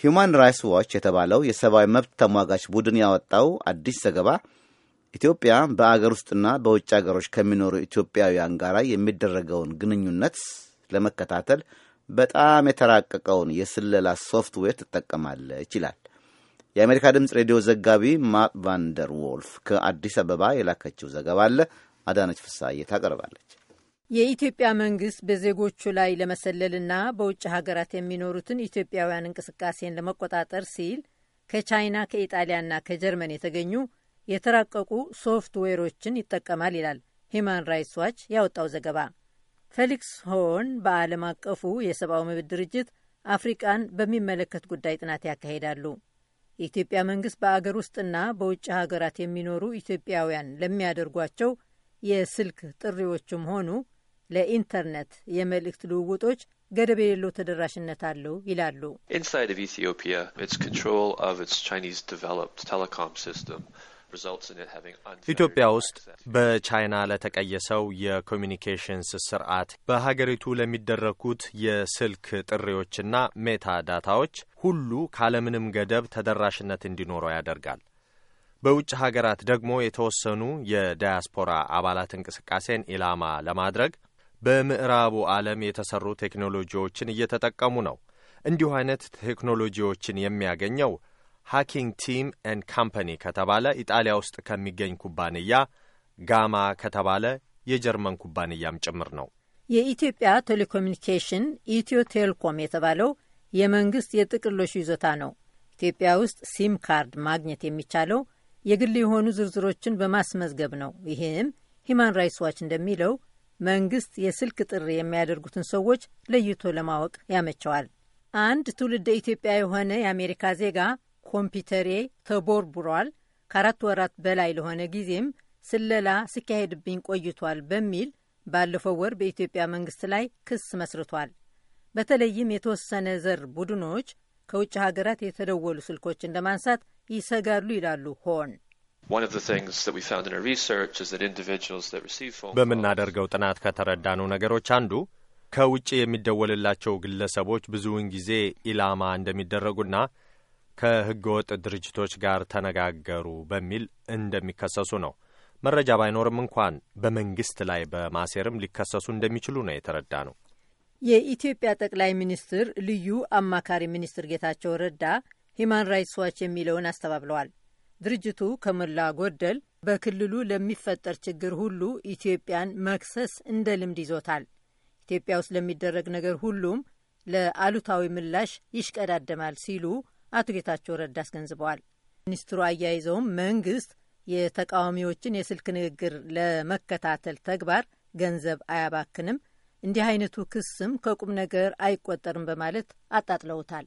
ሂዩማን ራይትስ ዋች የተባለው የሰብአዊ መብት ተሟጋች ቡድን ያወጣው አዲስ ዘገባ ኢትዮጵያ በአገር ውስጥና በውጭ አገሮች ከሚኖሩ ኢትዮጵያውያን ጋር የሚደረገውን ግንኙነት ለመከታተል በጣም የተራቀቀውን የስለላ ሶፍትዌር ትጠቀማለች ይላል። የአሜሪካ ድምፅ ሬዲዮ ዘጋቢ ማት ቫንደር ዎልፍ ከአዲስ አበባ የላከችው ዘገባ አለ። አዳነች ፍሳዬ ታቀርባለች። የኢትዮጵያ መንግስት በዜጎቹ ላይ ለመሰለልና በውጭ ሀገራት የሚኖሩትን ኢትዮጵያውያን እንቅስቃሴን ለመቆጣጠር ሲል ከቻይና ከኢጣሊያና ከጀርመን የተገኙ የተራቀቁ ሶፍትዌሮችን ይጠቀማል ይላል ሂማን ራይትስ ዋች ያወጣው ዘገባ። ፌሊክስ ሆን በዓለም አቀፉ የሰብአዊ መብት ድርጅት አፍሪቃን በሚመለከት ጉዳይ ጥናት ያካሂዳሉ። የኢትዮጵያ መንግስት በአገር ውስጥና በውጭ ሀገራት የሚኖሩ ኢትዮጵያውያን ለሚያደርጓቸው የስልክ ጥሪዎችም ሆኑ ለኢንተርኔት የመልእክት ልውውጦች ገደብ የሌለው ተደራሽነት አለው ይላሉ። ኢትዮጵያ ኢትዮጵያ ውስጥ በቻይና ለተቀየሰው የኮሚኒኬሽንስ ስርዓት በሀገሪቱ ለሚደረጉት የስልክ ጥሪዎችና ሜታ ዳታዎች ሁሉ ካለምንም ገደብ ተደራሽነት እንዲኖረው ያደርጋል። በውጭ ሀገራት ደግሞ የተወሰኑ የዳያስፖራ አባላት እንቅስቃሴን ኢላማ ለማድረግ በምዕራቡ ዓለም የተሰሩ ቴክኖሎጂዎችን እየተጠቀሙ ነው። እንዲሁ አይነት ቴክኖሎጂዎችን የሚያገኘው ሃኪንግ ቲም ኤን ካምፓኒ ከተባለ ኢጣሊያ ውስጥ ከሚገኝ ኩባንያ ጋማ ከተባለ የጀርመን ኩባንያም ጭምር ነው። የኢትዮጵያ ቴሌኮሚኒኬሽን ኢትዮ ቴሌኮም የተባለው የመንግስት የጥቅሎሹ ይዞታ ነው። ኢትዮጵያ ውስጥ ሲም ካርድ ማግኘት የሚቻለው የግል የሆኑ ዝርዝሮችን በማስመዝገብ ነው። ይህም ሂማን ራይትስ ዋች እንደሚለው መንግስት የስልክ ጥሪ የሚያደርጉትን ሰዎች ለይቶ ለማወቅ ያመቸዋል። አንድ ትውልደ ኢትዮጵያ የሆነ የአሜሪካ ዜጋ ኮምፒውተሬ ተቦርቡሯል፣ ከአራት ወራት በላይ ለሆነ ጊዜም ስለላ ሲካሄድብኝ ቆይቷል በሚል ባለፈው ወር በኢትዮጵያ መንግስት ላይ ክስ መስርቷል። በተለይም የተወሰነ ዘር ቡድኖች ከውጭ ሀገራት የተደወሉ ስልኮችን ለማንሳት ይሰጋሉ ይላሉ ሆን በምናደርገው ጥናት ከተረዳነው ነገሮች አንዱ ከውጭ የሚደወልላቸው ግለሰቦች ብዙውን ጊዜ ኢላማ እንደሚደረጉና ከህገወጥ ድርጅቶች ጋር ተነጋገሩ በሚል እንደሚከሰሱ ነው። መረጃ ባይኖርም እንኳን በመንግስት ላይ በማሴርም ሊከሰሱ እንደሚችሉ ነው የተረዳ ነው። የኢትዮጵያ ጠቅላይ ሚኒስትር ልዩ አማካሪ ሚኒስትር ጌታቸው ረዳ ሂማን ራይትስ ዋች የሚለውን አስተባብለዋል። ድርጅቱ ከሞላ ጎደል በክልሉ ለሚፈጠር ችግር ሁሉ ኢትዮጵያን መክሰስ እንደ ልምድ ይዞታል። ኢትዮጵያ ውስጥ ለሚደረግ ነገር ሁሉም ለአሉታዊ ምላሽ ይሽቀዳደማል ሲሉ አቶ ጌታቸው ረዳ አስገንዝበዋል። ሚኒስትሩ አያይዘውም መንግስት የተቃዋሚዎችን የስልክ ንግግር ለመከታተል ተግባር ገንዘብ አያባክንም፣ እንዲህ አይነቱ ክስም ከቁም ነገር አይቆጠርም በማለት አጣጥለውታል።